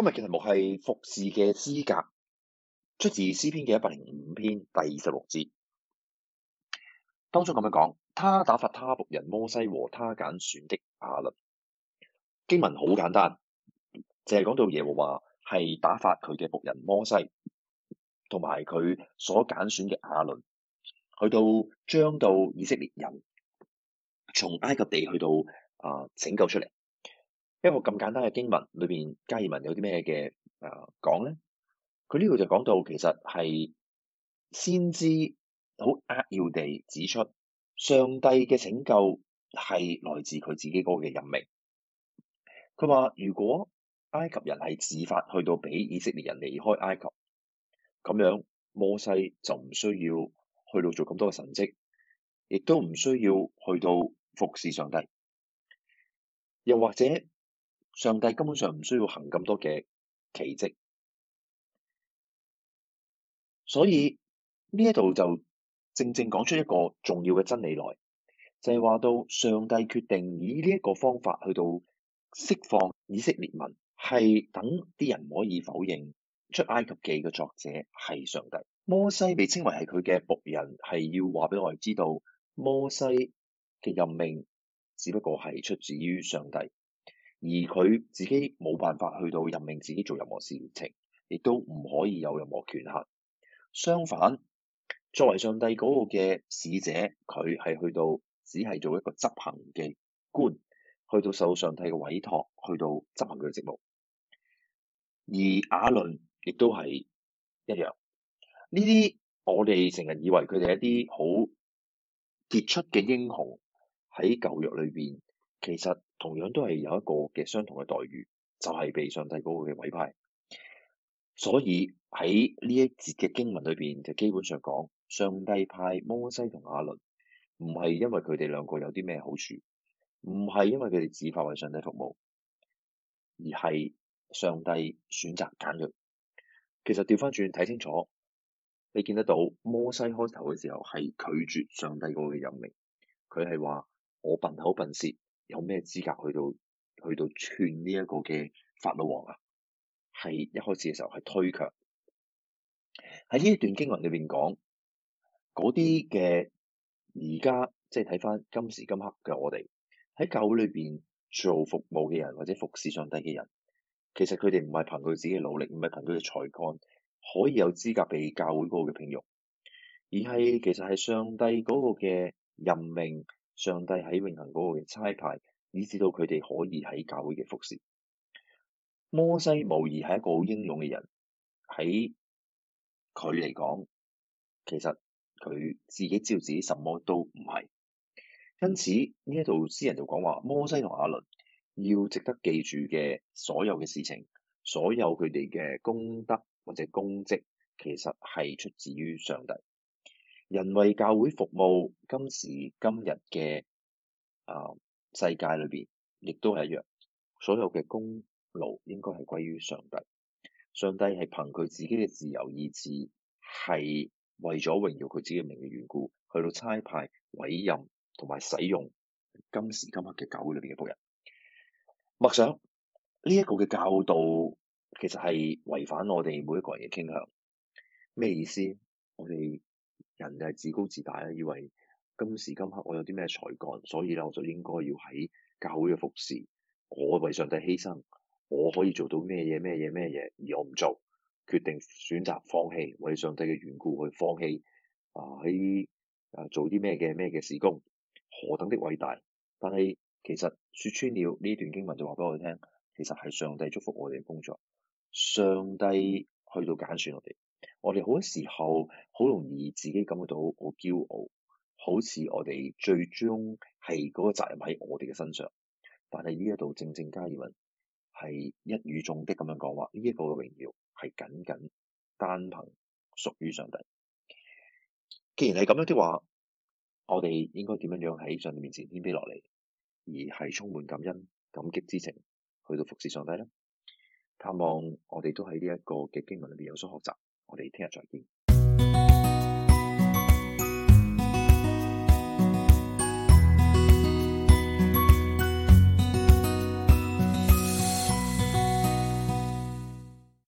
今日嘅題目係服侍嘅資格，出自《詩篇》嘅一百零五篇第二十六節，當中咁樣講：他打發他僕人摩西和他揀選的亞倫。經文好簡單，淨係講到耶和華係打發佢嘅僕人摩西，同埋佢所揀選嘅亞倫，去到將到以色列人從埃及地去到啊、呃、拯救出嚟。一個咁簡單嘅經文裏邊，加爾文有啲咩嘅誒講咧？佢、呃、呢度就講到，其實係先知好扼要地指出，上帝嘅拯救係來自佢自己嗰個嘅任命。佢話如果埃及人係自發去到俾以色列人離開埃及，咁樣摩西就唔需要去到做咁多嘅神跡，亦都唔需要去到服侍上帝，又或者。上帝根本上唔需要行咁多嘅奇蹟，所以呢一度就正正講出一個重要嘅真理來，就係話到上帝決定以呢一個方法去到釋放以色列民，係等啲人唔可以否認出埃及記嘅作者係上帝。摩西被稱為係佢嘅僕人，係要話俾我哋知道，摩西嘅任命只不過係出自於上帝。而佢自己冇辦法去到任命自己做任何事情，亦都唔可以有任何權限。相反，作為上帝嗰個嘅使者，佢係去到只係做一個執行嘅官，去到受上帝嘅委託，去到執行佢嘅職務。而亞倫亦都係一樣。呢啲我哋成日以為佢哋係一啲好傑出嘅英雄喺舊約裏邊，其實。同樣都係有一個嘅相同嘅待遇，就係被上帝嗰個嘅委派。所以喺呢一節嘅經文裏邊，就基本上講，上帝派摩西同亞倫，唔係因為佢哋兩個有啲咩好處，唔係因為佢哋自發為上帝服務，而係上帝選擇揀選。其實調返轉睇清楚，你見得到摩西開頭嘅時候係拒絕上帝嗰個任命，佢係話我笨口笨舌。有咩資格去到去到串呢一個嘅法老王啊？係一開始嘅時候係推卻。喺呢一段經文裏邊講嗰啲嘅，而家即係睇翻今時今刻嘅我哋喺教會裏邊做服務嘅人或者服侍上帝嘅人，其實佢哋唔係憑佢自己嘅努力，唔係憑佢嘅才幹可以有資格被教會嗰個嘅聘用，而係其實係上帝嗰個嘅任命。上帝喺永恆嗰度嘅差派，以至到佢哋可以喺教會嘅服侍。摩西無疑係一個好英勇嘅人，喺佢嚟講，其實佢自己知道自己什麼都唔係。因此呢一度詩人就講話，摩西同亞倫要值得記住嘅所有嘅事情，所有佢哋嘅功德或者功績，其實係出自於上帝。人為教會服務，今時今日嘅啊世界裏邊，亦都係一樣，所有嘅功勞應該係歸於上帝。上帝係憑佢自己嘅自由意志，係為咗榮耀佢自己嘅名嘅緣故，去到差派委任同埋使用今時今刻嘅教會裏邊嘅僕人。默想呢一個嘅教導，其實係違反我哋每一個人嘅傾向。咩意思？我哋。人就係自高自大啊！以為今時今刻我有啲咩才幹，所以咧我就應該要喺教會嘅服侍。我為上帝犧牲，我可以做到咩嘢咩嘢咩嘢，而我唔做，決定選擇放棄，為上帝嘅緣故去放棄啊喺啊做啲咩嘅咩嘅事工，何等的偉大！但係其實説穿了呢段經文就話俾我哋聽，其實係上帝祝福我哋嘅工作，上帝去到揀選我哋。我哋好多時候好容易自己感覺到好驕傲，好似我哋最終係嗰個責任喺我哋嘅身上。但係呢一度正正加爾文係一語中的咁樣講話，呢一個嘅榮耀係僅僅單憑屬於上帝。既然係咁樣的話，我哋應該點樣樣喺上帝面前謙卑落嚟，而係充滿感恩感激之情去到服侍上帝咧？盼望我哋都喺呢一個嘅經文裏邊有所學習。我哋聽日再見。